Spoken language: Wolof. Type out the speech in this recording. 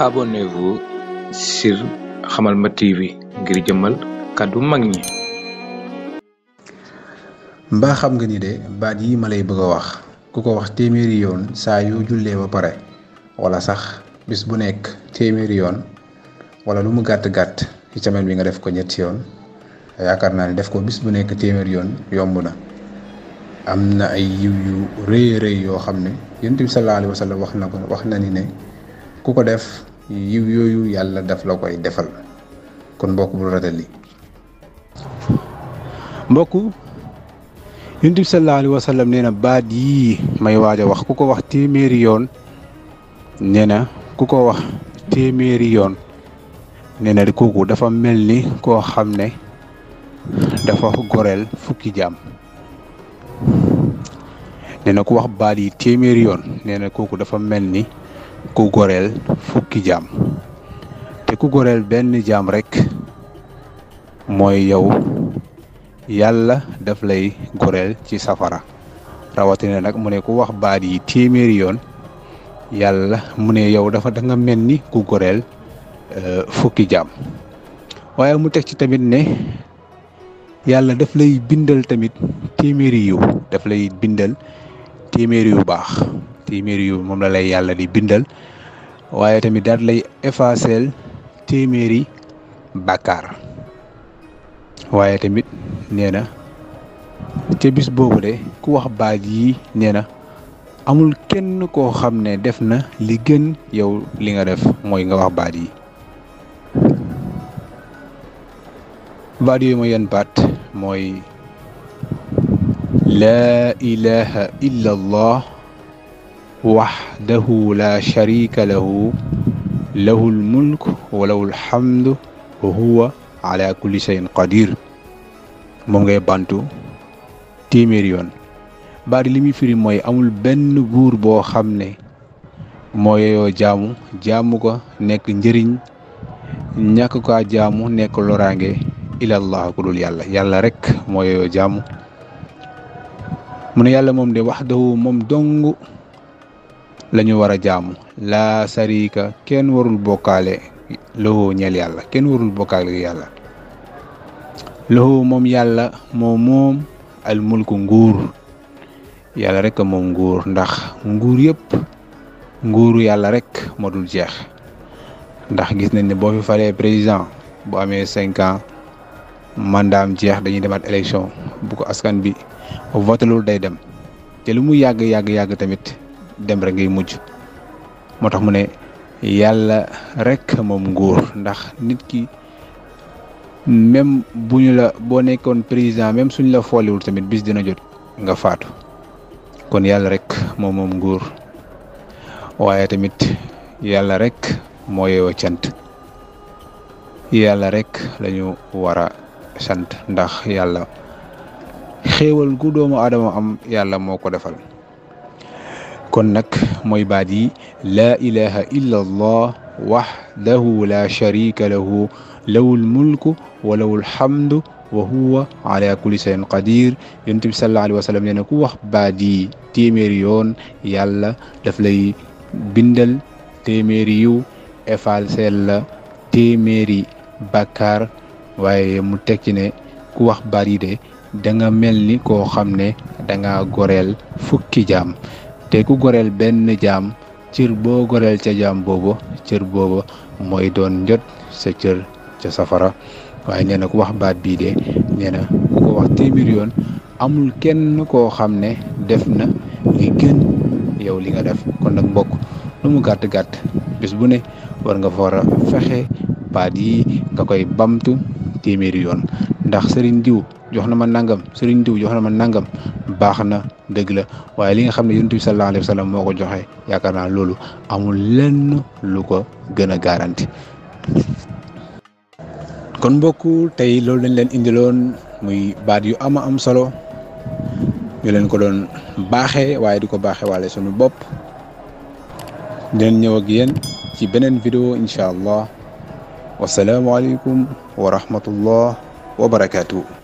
Abonnez-vous sur Hamalma TV ngir jëmmal kàddu mag ñi. mbaa xam nga ni de baat yi ma lay bëgg a wax ku ko wax téeméeri yoon saa yoo jullee ba pare wala sax bis bu nekk téeméeri yoon wala lu mu gàtt gàtt ci semaine bi nga def ko ñetti yoon yaakaar naa ni def ko bis bu nekk téeméeri yoon yomb na. am na ay yiw yu rëy rëy yoo xam ne yonent bi sallallahu alayhi wax na ko wax na ni ne ku ko def yiw yooyu yàlla daf la koy defal kon mbokk bul ratal li mbokku yonent bi sallallahu alayhi wa nee na baat yii may waaj a wax ku ko wax téeméeri yoon nee na ku ko wax téeméeri yoon nee na kooku dafa mel ni koo xam ne dafa goreel fukki jaam nee na ku wax baat yi téeméeri yoon nee na kooku dafa mel ni ku goreel fukki jaam te ku goreel benn jaam rekk mooy yow yàlla daf lay goreel ci safara rawatina nag mu ne ku wax baat yi téeméeri yoon yàlla mu ne yow dafa danga mel ni ku goreel euh, fukki jaam waaye mu teg ci tamit ne yàlla daf lay bindal tamit téeméeri yiw daf lay bindal téeméeri yu baax téeméeri yu moom la lay yàlla di bindal waaye tamit daal lay effacer téeméeri bàkkaar waaye tamit nee na ca bis boobu de ku wax baaj yi nee na amul kenn koo xam ne def na li gën yow li nga def mooy nga wax baat yi baat yooyu mooy yan baat mooy لا اله الا الله وحده لا شريك له له الملك وله الحمد وهو على كل شيء قدير مونغي بانتو تيميريون بعد ليمي فري موي امول بن غور بو خامني موي يو جامو جامو كو نيك نجيرين نياكو كو جامو نيك لورانغي الى الله كل يالا يالا ريك موي يو جامو mune yalla mom de wahdahu mom jamu la wara jaamu la sarika ken warul bokale lo ñel yalla ken warul bokale yalla mom mom yalla mom mom al mulku nguur yalla rek mom nguur ndax nguur yep nguuru yalla rek modul jeex ndax gis nañ ni bo fi falee président bu amé 5 ans mandam jeex dañuy demat élection bu ko askan bi voté loolu day dem te lu mu yag yag yag tamit dem rek ngay mujj motax mu ne yalla rek mom nguur ndax nit ki même buñu la bo nekkoon président même suñ la tamit bis dina jot nga faatu kon yalla rek mom mom nguur waye tamit yalla rek moye yeewoo cant yalla rek lañu wara sant ndax yalla xéewal gu doomu aadama am yàlla moo ko defal kon nag mooy baat yi laa ilaha illa allah waxdahu la sharika lahu lawul mulku wa lawul hamdu wa huwa ku wax baat yi yoon yàlla def lay bindal téeméeri yiw efalsel la téeméeri bàkkaar waaye mu teg ci ne ku wax baat de danga mel ni koo xam ne danga goreel fukki jaam te ku goreel benn jaam cër boo goreel ca jaam boobu cër boobu mooy doon njot sa cër ca safara waaye nee na ku wax baat bii de nee na ku wax téeméer yoon amul kenn koo xam ne def na li gën yow li nga def kon nag mbokk lu mu gàtt gàtt bis bu ne war nga fa war fexe baat yi nga koy bamtu téeméeri yoon ndax sëriñ diw jox na ma nangam sëriñ diw jox na ma nangam baax na dëgg waaye li nga xam ne yonent bi sallallahu wa sallam moo ko joxe yaakaar naa loolu amul lenn lu ko gën a garanti. kon mbokku tey loolu lañ leen indiloon muy baat yu ama am solo ñu leen ko doon baaxe waaye di ko baaxee waale suñu bopp dinañ ñëw ak yéen ci beneen vidéo incha allah wasalaamualeykum wa rahmatullah wa barakaatu.